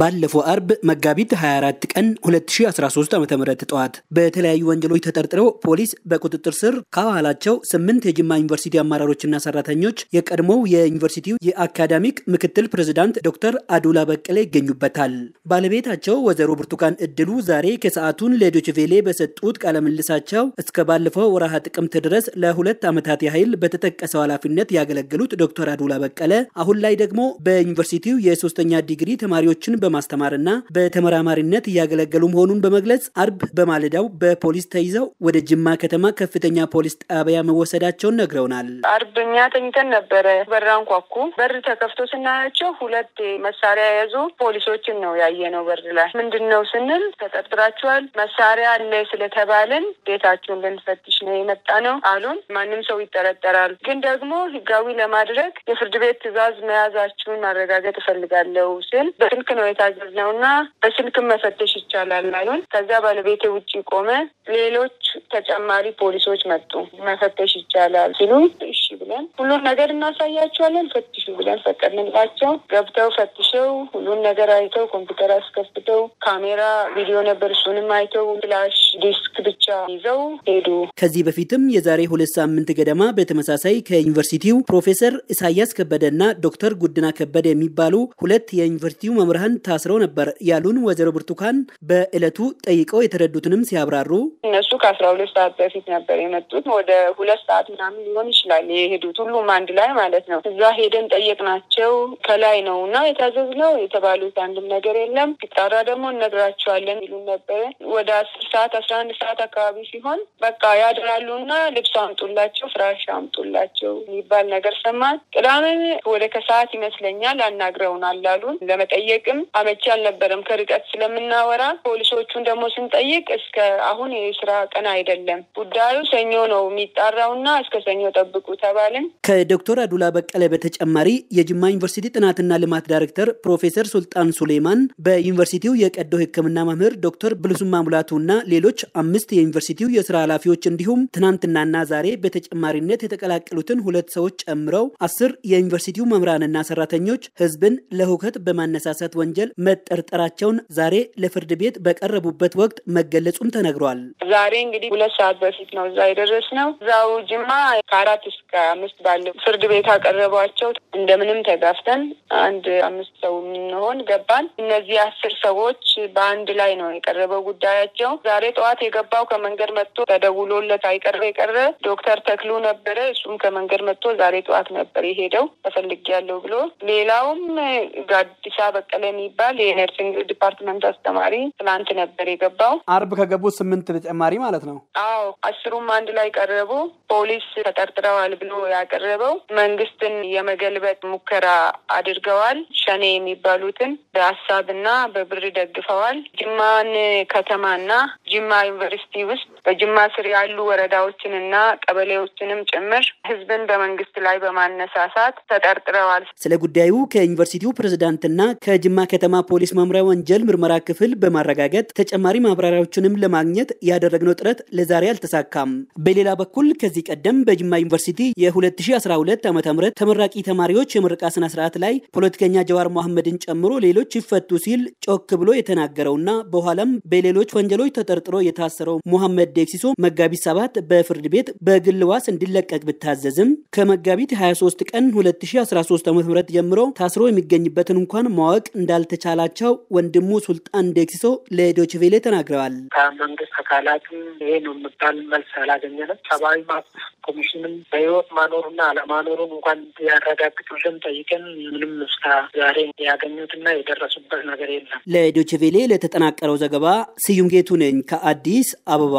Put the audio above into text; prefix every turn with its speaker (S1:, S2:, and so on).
S1: ባለፈው አርብ መጋቢት 24 ቀን 2013 ዓ ም ጠዋት በተለያዩ ወንጀሎች ተጠርጥረው ፖሊስ በቁጥጥር ስር ካዋላቸው ስምንት የጅማ ዩኒቨርሲቲ አመራሮችና ሰራተኞች የቀድሞው የዩኒቨርሲቲው የአካዳሚክ ምክትል ፕሬዝዳንት ዶክተር አዱላ በቀለ ይገኙበታል። ባለቤታቸው ወይዘሮ ብርቱካን እድሉ ዛሬ ከሰዓቱን ለዶችቬሌ በሰጡት ቃለምልሳቸው እስከ ባለፈው ወረሃ ጥቅምት ድረስ ለሁለት ዓመታት ያህል በተጠቀሰው ኃላፊነት ያገለገሉት ዶክተር አዱላ በቀለ አሁን ላይ ደግሞ በዩኒቨርሲቲው የሶስተኛ ዲግሪ ተማሪዎችን በማስተማርና በተመራማሪነት እያገለገሉ መሆኑን በመግለጽ አርብ በማለዳው በፖሊስ ተይዘው ወደ ጅማ ከተማ ከፍተኛ ፖሊስ ጣቢያ መወሰዳቸውን ነግረውናል።
S2: አርብ እኛ ተኝተን ነበረ። በራን ኳኩ። በር ተከፍቶ ስናያቸው ሁለት መሳሪያ የያዙ ፖሊሶችን ነው ያየነው በር ላይ። ምንድን ነው ስንል ተጠርጥራችኋል፣ መሳሪያ አለ ስለተባልን ቤታችሁን ልንፈትሽ ነው የመጣ ነው አሉን። ማንም ሰው ይጠረጠራል፣ ግን ደግሞ ህጋዊ ለማድረግ የፍርድ ቤት ትዕዛዝ መያዛችሁን ማረጋገጥ እፈልጋለሁ ስል በስልክ ነው መታዘዝ ነው እና በስልክም መፈተሽ ይቻላል አሉን። ከዛ ባለቤቴ ውጭ ቆመ። ሌሎች ተጨማሪ ፖሊሶች መጡ። መፈተሽ ይቻላል ሲሉ እሺ ብለን ሁሉን ነገር እናሳያቸዋለን ፈትሹ ብለን ፈቀድንላቸው። ገብተው ፈትሸው ሁሉን ነገር አይተው ኮምፒውተር አስከፍተው ካሜራ፣ ቪዲዮ ነበር እሱንም አይተው ፍላሽ ዲስክ ብቻ
S1: ይዘው ሄዱ። ከዚህ በፊትም የዛሬ ሁለት ሳምንት ገደማ በተመሳሳይ ከዩኒቨርሲቲው ፕሮፌሰር ኢሳያስ ከበደና ዶክተር ጉድና ከበደ የሚባሉ ሁለት የዩኒቨርሲቲው መምህራን ታስረው ነበር ያሉን ወይዘሮ ብርቱካን በእለቱ ጠይቀው የተረዱትንም ሲያብራሩ
S2: እነሱ ከአስራ ሁለት ሰዓት በፊት ነበር የመጡት። ወደ ሁለት ሰዓት ምናምን ሊሆን ይችላል የሄዱት ሁሉም አንድ ላይ ማለት ነው። እዛ ሄደን ጠየቅናቸው። ከላይ ነው እና የታዘዝ ነው የተባሉት አንድም ነገር የለም። ሲጣራ ደግሞ እነግራቸዋለን ይሉን ነበረ። ወደ አስር ሰዓት አስራ አንድ ሰዓት አካባቢ ሲሆን በቃ ያድራሉ እና ልብስ አምጡላቸው፣ ፍራሽ አምጡላቸው የሚባል ነገር ሰማን። ቅዳሜ ወደ ከሰዓት ይመስለኛል አናግረውናል አሉን ለመጠየቅም አመቺ አልነበረም ከርቀት ስለምናወራ። ፖሊሶቹን ደግሞ ስንጠይቅ እስከ አሁን የስራ ቀን አይደለም፣ ጉዳዩ ሰኞ ነው የሚጣራውና እስከ ሰኞ ጠብቁ ተባልን።
S1: ከዶክተር አዱላ በቀለ በተጨማሪ የጅማ ዩኒቨርሲቲ ጥናትና ልማት ዳይሬክተር ፕሮፌሰር ሱልጣን ሱሌማን፣ በዩኒቨርሲቲው የቀዶ ሕክምና መምህር ዶክተር ብልሱማ ሙላቱ እና ሌሎች አምስት የዩኒቨርሲቲው የስራ ኃላፊዎች እንዲሁም ትናንትናና ዛሬ በተጨማሪነት የተቀላቀሉትን ሁለት ሰዎች ጨምረው አስር የዩኒቨርሲቲው መምህራንና ሰራተኞች ህዝብን ለሁከት በማነሳሳት ወንጀል ወንጀል መጠርጠራቸውን ዛሬ ለፍርድ ቤት በቀረቡበት ወቅት መገለጹም ተነግሯል።
S2: ዛሬ እንግዲህ ሁለት ሰዓት በፊት ነው እዛ የደረስ ነው። እዛው ጅማ ከአራት እስከ አምስት ባለው ፍርድ ቤት አቀረቧቸው። እንደምንም ተጋፍተን አንድ አምስት ሰው የምንሆን ገባን። እነዚህ አስር ሰዎች በአንድ ላይ ነው የቀረበው ጉዳያቸው። ዛሬ ጠዋት የገባው ከመንገድ መጥቶ ተደውሎለት አይቀረ የቀረ ዶክተር ተክሉ ነበረ። እሱም ከመንገድ መጥቶ ዛሬ ጠዋት ነበር የሄደው ተፈልጌያለሁ ብሎ ሌላውም ጋዲሳ በቀለ የሚባል የኤነርጂ ዲፓርትመንት አስተማሪ ትላንት ነበር የገባው።
S1: አርብ ከገቡ ስምንት ተጨማሪ ማለት ነው።
S2: አዎ አስሩም አንድ ላይ ቀረቡ። ፖሊስ ተጠርጥረዋል ብሎ ያቀረበው መንግስትን የመገልበጥ ሙከራ አድርገዋል። ሸኔ የሚባሉትን በሀሳብና በብር ደግፈዋል። ጅማን ከተማና ጅማ ዩኒቨርሲቲ ውስጥ በጅማ ስር ያሉ ወረዳዎችን እና ቀበሌዎችንም ጭምር ህዝብን በመንግስት ላይ በማነሳሳት
S1: ተጠርጥረዋል። ስለ ጉዳዩ ከዩኒቨርሲቲው ፕሬዝዳንትና ከጅማ ከተማ ፖሊስ መምሪያ ወንጀል ምርመራ ክፍል በማረጋገጥ ተጨማሪ ማብራሪያዎችንም ለማግኘት ያደረግነው ጥረት ለዛሬ አልተሳካም። በሌላ በኩል ከዚህ ቀደም በጅማ ዩኒቨርሲቲ የ2012 ዓ ም ተመራቂ ተማሪዎች የምርቃ ስነ ስርዓት ላይ ፖለቲከኛ ጀዋር መሐመድን ጨምሮ ሌሎች ይፈቱ ሲል ጮክ ብሎ የተናገረውና በኋላም በሌሎች ወንጀሎች ተጠር ተጠርጥሮ የታሰረው ሙሐመድ ዴክሲሶ መጋቢት ሰባት በፍርድ ቤት በግል ዋስ እንዲለቀቅ ብታዘዝም ከመጋቢት 23 ቀን 2013 ዓ ም ጀምሮ ታስሮ የሚገኝበትን እንኳን ማወቅ እንዳልተቻላቸው ወንድሙ ሱልጣን ዴክሲሶ ለዶችቬሌ ተናግረዋል።
S2: ከመንግስት አካላትም ይሄ ነው የምባል መልስ አላገኘንም። ሰብአዊ መብት ኮሚሽንም በህይወት ማኖሩና አለማኖሩን እንኳን ያረጋግጡ ጠይቀን ምንም እስከ ዛሬ ያገኙትና የደረሱበት ነገር የለም።
S1: ለዶችቬሌ ለተጠናቀረው ዘገባ ስዩም ጌቱ ነኝ። ከአዲስ አበባ